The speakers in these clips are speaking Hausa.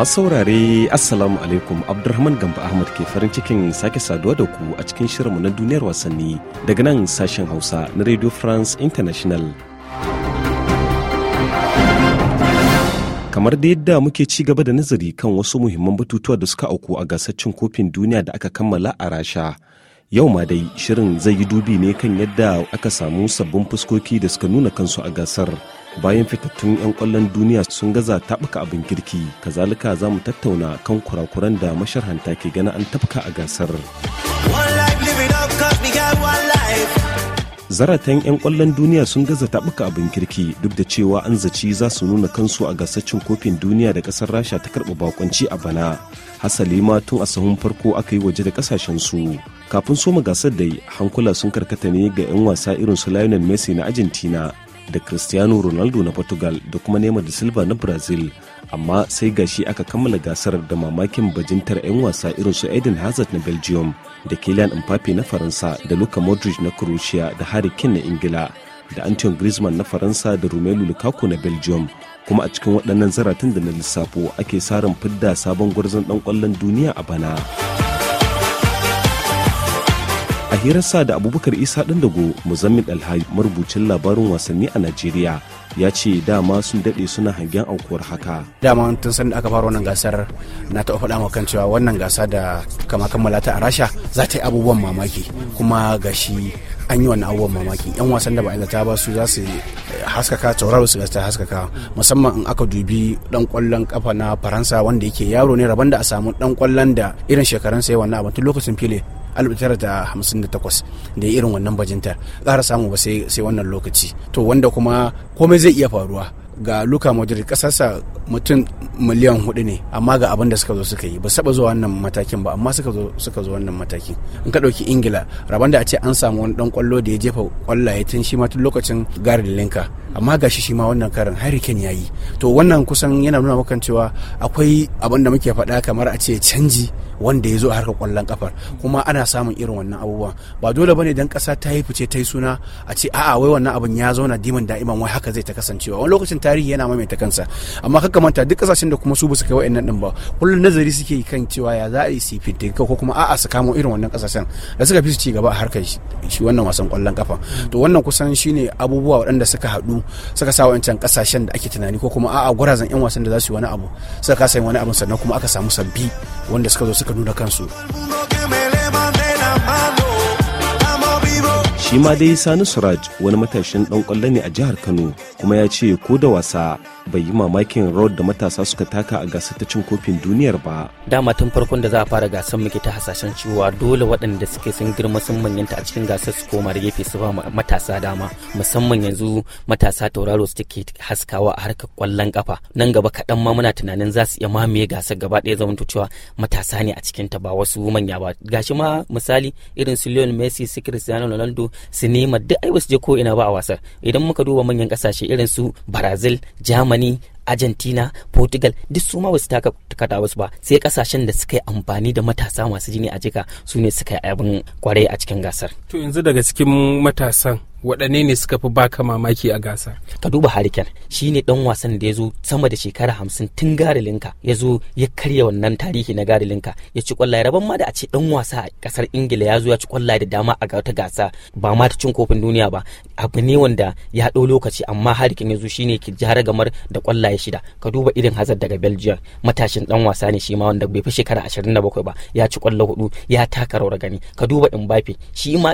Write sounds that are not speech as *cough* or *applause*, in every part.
masu saurare assalamu alaikum abdulrahman gamba ahmad ke farin cikin sake saduwa da ku a cikin shirinmu na duniyar wasanni daga nan sashen hausa na radio france international kamar da yadda muke ci gaba da nazari kan wasu muhimman batutuwa da suka auku a gasar cin kofin duniya da aka kammala a rasha yau ma dai shirin zai yi dubi ne kan yadda aka samu sabbin fuskoki da suka nuna kansu a gasar bayan fitattun 'yan kwallon duniya sun gaza tabuka abin kirki kazalika za mu tattauna kan kurakuran da masharhanta ke gana an tafka a gasar zaratan 'yan kwallon duniya sun gaza tabuka abin kirki duk da cewa an zaci za su nuna kansu a gasar cin kofin duniya da kasar rasha ta karba bakonci a bana hasali ma tun a sahun farko aka yi waje da kasashen su kafin soma gasar dai hankula sun karkata ne ga 'yan wasa irin su lionel messi na argentina da cristiano ronaldo na portugal da kuma neymar da silva na brazil amma sai gashi aka kammala gasar da mamakin bajintar 'yan wasa irin su eden hazard na belgium da kylian mbappe na faransa da luka modric na croatia da harry kane na ingila da antoine griezmann na faransa da romelu lukaku na belgium kuma a cikin waɗannan zaratun da na lissafo ake sarin fidda sabon gwarzon ɗan ƙwallon duniya a bana. a hirar sa da abubakar isa ɗan dago muzammin alhaji marubucin labarin wasanni a najeriya ya ce dama sun daɗe suna hangen aukuwar haka dama tun sanda aka fara wannan gasar na taɓa faɗa kan cewa wannan gasa da kama kammala ta a rasha za ta yi abubuwan mamaki kuma gashi an yi wani abubuwan mamaki yan wasan da ba a ba su za su haskaka tauraro su ta haskaka musamman in aka dubi dan kwallon kafa na faransa wanda yake yaro ne rabon da a samu dan kwallon da irin shekarun sai wannan abin tun lokacin fili. 1958 da ya irin wannan bajintar ƙara samu ba sai wannan lokaci to wanda kuma komai zai iya faruwa ga luka modric kasarsa mutum miliyan hudu ne amma ga abin da suka zo suka yi ba saba zuwa wannan matakin ba amma suka zo wannan matakin in ka dauki ingila rabon da a ce an samu wani dan kwallo da ya jefa kwallaye tun shi ma tun lokacin gary linka amma ga shi ma wannan karin ya yi to wannan kusan yana nuna maka cewa akwai abin da muke faɗa kamar a ce canji wanda ya zo a harkar kwallon kafar kuma ana samun irin wannan abubuwan ba dole bane dan kasa ta yi fice ta yi suna a ce a'a wai wannan abin ya zauna diman da'iman wai haka zai ta kasancewa wani lokacin tarihi yana ta kansa amma kaka manta duk kasashen da kuma su basu kai wa'annan din ba kullum nazari suke kan cewa ya za a yi su ko kuma a'a su kamo irin wannan kasashen da suka fi su ci gaba a harkar shi wannan wasan kwallon kafa to wannan kusan shine abubuwa waɗanda suka haɗu suka sa wancan kasashen da ake tunani ko kuma a'a gurazan yan wasan da za su yi wani abu suka kasa yin wani abu sannan kuma aka samu sabbi wanda suka zo suka nuna kansu shi ma dai sani suraj wani matashin dan kwallo ne a jihar kano kuma ya ce ko da wasa bai yi mamakin rawar da matasa suka taka a gasar ta cin kofin duniyar ba. Dama tun farkon da za a fara gasar muke ta hasashen cewa dole waɗanda suke sun girma sun manyanta a cikin gasar su koma da gefe su ba matasa dama musamman yanzu matasa tauraro su take haskawa a harkar kwallon kafa nan gaba kaɗan ma muna tunanin za su iya mamaye gasar gaba ɗaya zamanto cewa matasa ne a cikin ta ba wasu manya ba gashi ma misali irin su Lionel Messi su Cristiano Ronaldo su Neymar duk ai ba su je ko ina ba a wasar idan muka duba manyan ƙasashe irin su Brazil Germany isaanii argentina portugal duk su ma ba su taka wasu ba sai kasashen da suka yi amfani da matasa masu jini a jika su ne suka yi abin kwarai a cikin gasar to yanzu daga cikin matasan waɗanne ne suka fi baka mamaki a gasar. ka duba hariken shi ne ɗan wasan da ya zo sama da shekara hamsin tun garilinka ya zo ya karya wannan tarihi na garilinka ya ci kwallaye rabon ma da a ce ɗan wasa a ƙasar ingila ya zo ya ci kwallaye da dama a ta gasa ba ma ta cin kofin duniya ba abu ne wanda ya ɗau lokaci amma hariken ya zo shi ne ki gamar da kwallaye shida ka duba irin hazard daga belgium matashin dan wasa ne shi ma wanda bai fi shekara 27 ba ya ci kwallo hudu ya taka rawar gani ka duba mbappe shi ma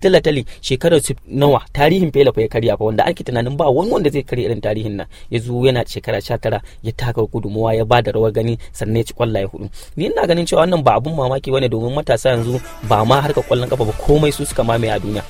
talatali shekarar su nawa tarihin fela ya karya fa wanda ake tunanin ba wani wanda zai karya irin tarihin nan ya zo yana shekara 19 ya taka gudumawa ya ba da rawar gani sannan ya ci kwallaye hudu ni ina ganin cewa wannan ba abun mamaki bane domin matasa yanzu ba ma harka kwallon kafa ba komai su suka mamaye a duniya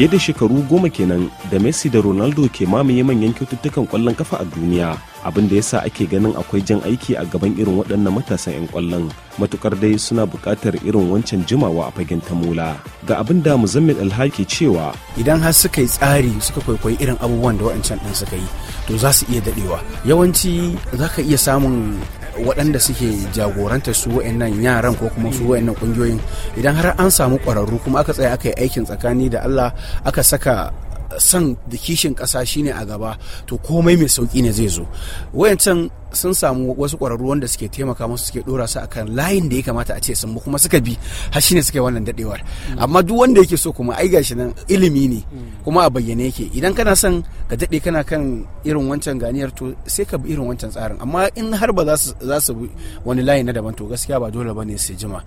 fiye da shekaru goma kenan da messi da ronaldo ke mamaye manyan kyaututtukan kwallon kafa a duniya abin da yasa ake ganin akwai jan aiki a gaban irin waɗannan matasan 'yan kwallon matukar dai suna buƙatar irin wancan jimawa a fagen ta mola ga abin da muzammil alhaki cewa idan har suka yi tsari suka kwaikwayi irin abubuwan da waɗancan ɗin suka yi to za su iya daɗewa yawanci za ka iya samun waɗanda suke jagorantar su wa'annan yaran ko kuma su wa'annan ƙungiyoyin idan har an samu ƙwararru kuma aka tsaya aka yi aikin tsakani da Allah aka saka san da kishin ƙasa shine a gaba to komai mai sauƙi ne zai zo wayancan sun samu wasu ƙwararru wanda suke taimaka musu suke dora su akan layin da ya kamata a ce sun kuma suka bi har shine suka yi wannan dadewar amma duk wanda yake so kuma ai gashi nan ilimi ne kuma a bayyane yake idan kana son ka dade kana kan irin wancan ganiyar to sai ka bi irin wancan tsarin amma in har ba za su bi wani layin na daban to gaskiya ba dole ba ne su jima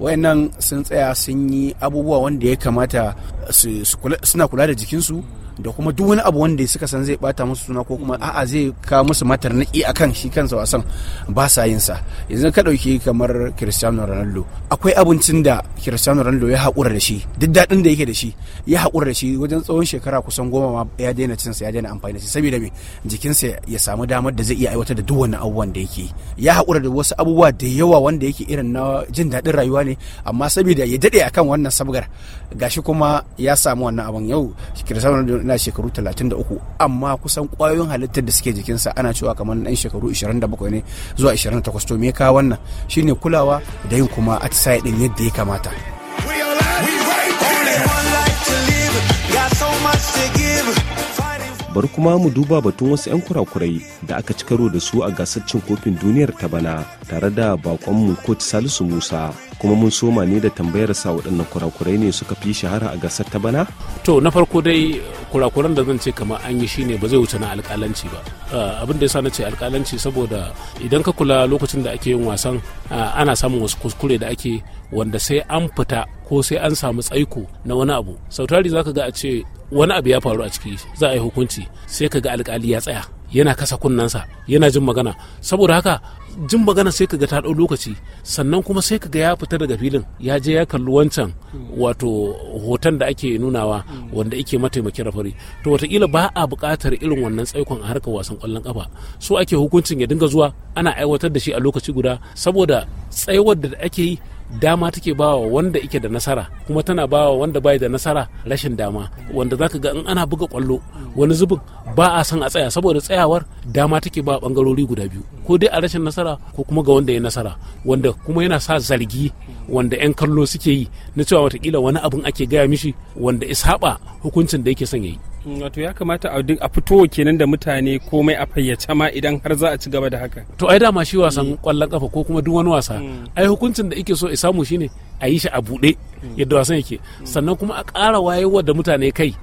wayannan sun tsaya sun yi abubuwa wanda ya kamata suna kula da jikinsu da kuma duk wani abu wanda suka san zai bata musu suna ko kuma a'a zai kawo musu matar a akan shi kansa wasan ba sa yin sa yanzu ka dauki kamar Cristiano Ronaldo akwai abincin da Cristiano Ronaldo ya haƙura da shi duk daɗin da yake da shi ya haƙura da shi wajen tsawon shekara kusan goma ma ya daina cin sa ya daina amfani da shi saboda me jikinsa ya samu damar da zai iya aiwatar da duk wani abubuwan da yake ya haƙura da wasu abubuwa da yawa wanda yake irin na jin daɗin rayuwa ne amma saboda ya daɗe akan wannan sabgar gashi kuma ya samu wannan abun yau Cristiano ina shekaru 33 amma kusan kwayoyin halittar da suke jikinsa ana cewa kamar ɗan shekaru 27 ne zuwa 28 to me ka wannan shine kulawa da yin kuma atisaye din yadda ya kamata bari kuma mu duba batun wasu 'yan kurakurai da aka ci karo da su a gasar cin kofin duniyar ta bana tare da bakonmu coach salisu musa kuma mun soma ne da tambayar sa waɗannan kurakurai ne suka fi shahara a gasar ta bana to na farko dai kurakuran da zan ce kamar an yi shine ba zai wuce na alƙalanci ba eh, abin da yasa na ce alƙalanci saboda idan ka kula lokacin da ake yin wasan eh, ana samun wasu kuskure da ake wanda sai an fita ko sai an samu tsaiko na wani abu sautari zaka ga a ce wani abu ya faru a ciki za a yi hukunci sai ka ga alƙali ya tsaya yana kasa kunnansa yana jin magana saboda haka jin magana sai ka ga ta dau lokaci sannan kuma sai ka ga ya fita daga filin ya je ya kalli wancan wato hoton da ake nunawa wanda ake mataimakin rafari to watakila ba a buƙatar irin wannan tsaikon a harkar wasan ƙwallon kafa so ake hukuncin ya dinga zuwa ana aiwatar da shi a lokaci guda saboda tsayawar da ake yi dama take wa wanda yake da nasara kuma tana bawa wanda bai da nasara rashin dama wanda zaka ga in ana buga kwallo wani zubin ba a son a tsaya saboda tsayawar dama take ba bangarori guda biyu ko dai a rashin nasara ko kuma ga wanda ya nasara wanda kuma yana sa zargi wanda 'yan kallo suke yi na cewa watakila wani abin ake gaya mishi wanda ya ishaɓa hukuncin da yake son yayi wato ya kamata a fito kenan da mutane komai a fayyace ma idan har za a ci gaba da haka to ai dama shi wasan kwallon mm. kafa ko kuma duk wani wasa mm. ai hukuncin da ike so a samu shine a yi shi a bude mm. yadda wasan yake sannan kuma a ƙara wayewa da mutane kai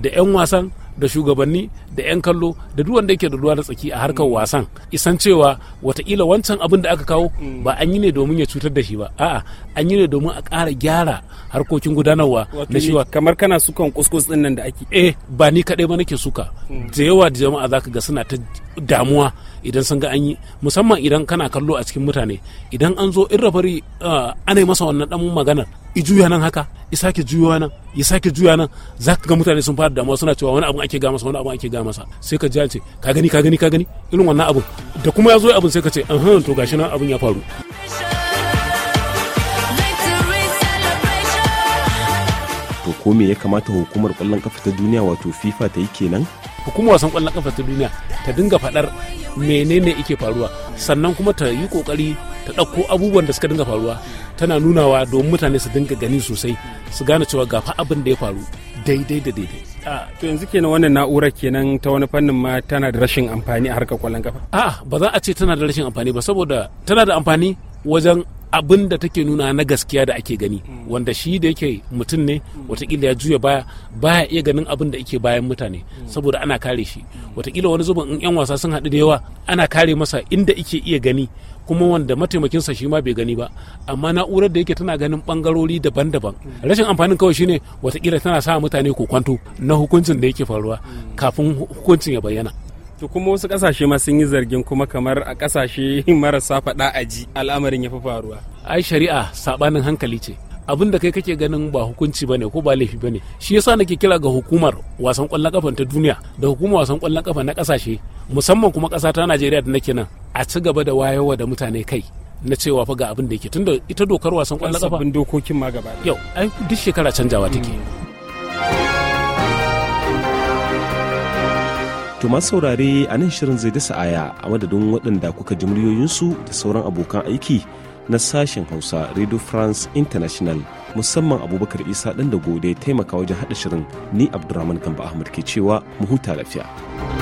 da 'yan wasan da shugabanni da 'yan kallo da duk wanda yake da ruwa da tsaki a harkar mm. wasan isan cewa wataƙila wancan abin da aka kawo mm. ba an yi ne domin ya cutar da shi ba a'a an yi ne domin a ƙara gyara harkokin gudanarwa na shi kamar kana sukan kuskus din nan da ake eh ba ni kaɗai ba nake suka mm. da yawa da jama'a zaka ga suna ta damuwa idan sun ga an yi musamman idan kana kallo a cikin mutane idan an zo in rafari ah, ana masa wannan dan maganar i juya nan haka i sake juya nan i sake juya nan za ka ga mutane sun fara damuwa suna cewa wani abun ake ga masa wani abun ake ga masa sai ka ji ce ka gani ka gani ka gani irin wannan abun da kuma ya zo abun sai ka ce to gashi nan abun ya faru. to ko me ya kamata hukumar kwallon kafa ta duniya wato FIFA ta yi kenan hukumar wasan kwallon kafa ta duniya ta dinga faɗar menene yake faruwa sannan kuma ta yi kokari ta ɗauko abubuwan da suka dinga faruwa tana nunawa domin mutane su dinga gani sosai su gane cewa ga fa abin da ya faru daidai da daidai to yanzu kenan wannan na'urar kenan ta wani fannin ma tana da rashin amfani a harkar kwallon kafa a ba za a ce tana da rashin amfani ba saboda tana da amfani wajen abin da take nuna na gaskiya da ake gani wanda shi da yake mutum ne watakila ya juya baya baya iya ganin abin da yake bayan mutane saboda ana kare shi watakila wani zubin in yan wasa sun haɗu da yawa ana kare masa inda ike iya gani kuma wanda mataimakinsa shi ma bai gani ba amma na'urar da yake tana ganin bangarori daban-daban rashin amfanin kawai shine watakila tana sa mutane kokwanto na hukuncin da yake faruwa kafin hukuncin ya bayyana To kuma wasu kasashe ma sun yi zargin kuma kamar a kasashe *laughs* marasa faɗa a ji al'amarin ya fi faruwa. Ai shari'a saɓanin hankali ce. abin da kai kake ganin ba hukunci bane ko ba laifi bane shi yasa nake kira ga hukumar wasan kwallon kafa ta duniya da hukumar wasan kwallon kafa na kasashe musamman kuma ƙasa ta Najeriya da nake nan a ci gaba da wayewa da mutane kai na cewa fa ga abin da yake tunda ita dokar wasan kwallon kafa dokokin ma gaba yau ai duk shekara canjawa take mm. To masu saurare a nan shirin zai dasa aya a madadin waɗanda kuka ji muryoyinsu da sauran abokan aiki na sashen Hausa Radio France International musamman Abubakar Isa ɗan da gode taimaka wajen haɗa shirin ni Abdulrahman Gamba Ahmad ke cewa mu huta lafiya.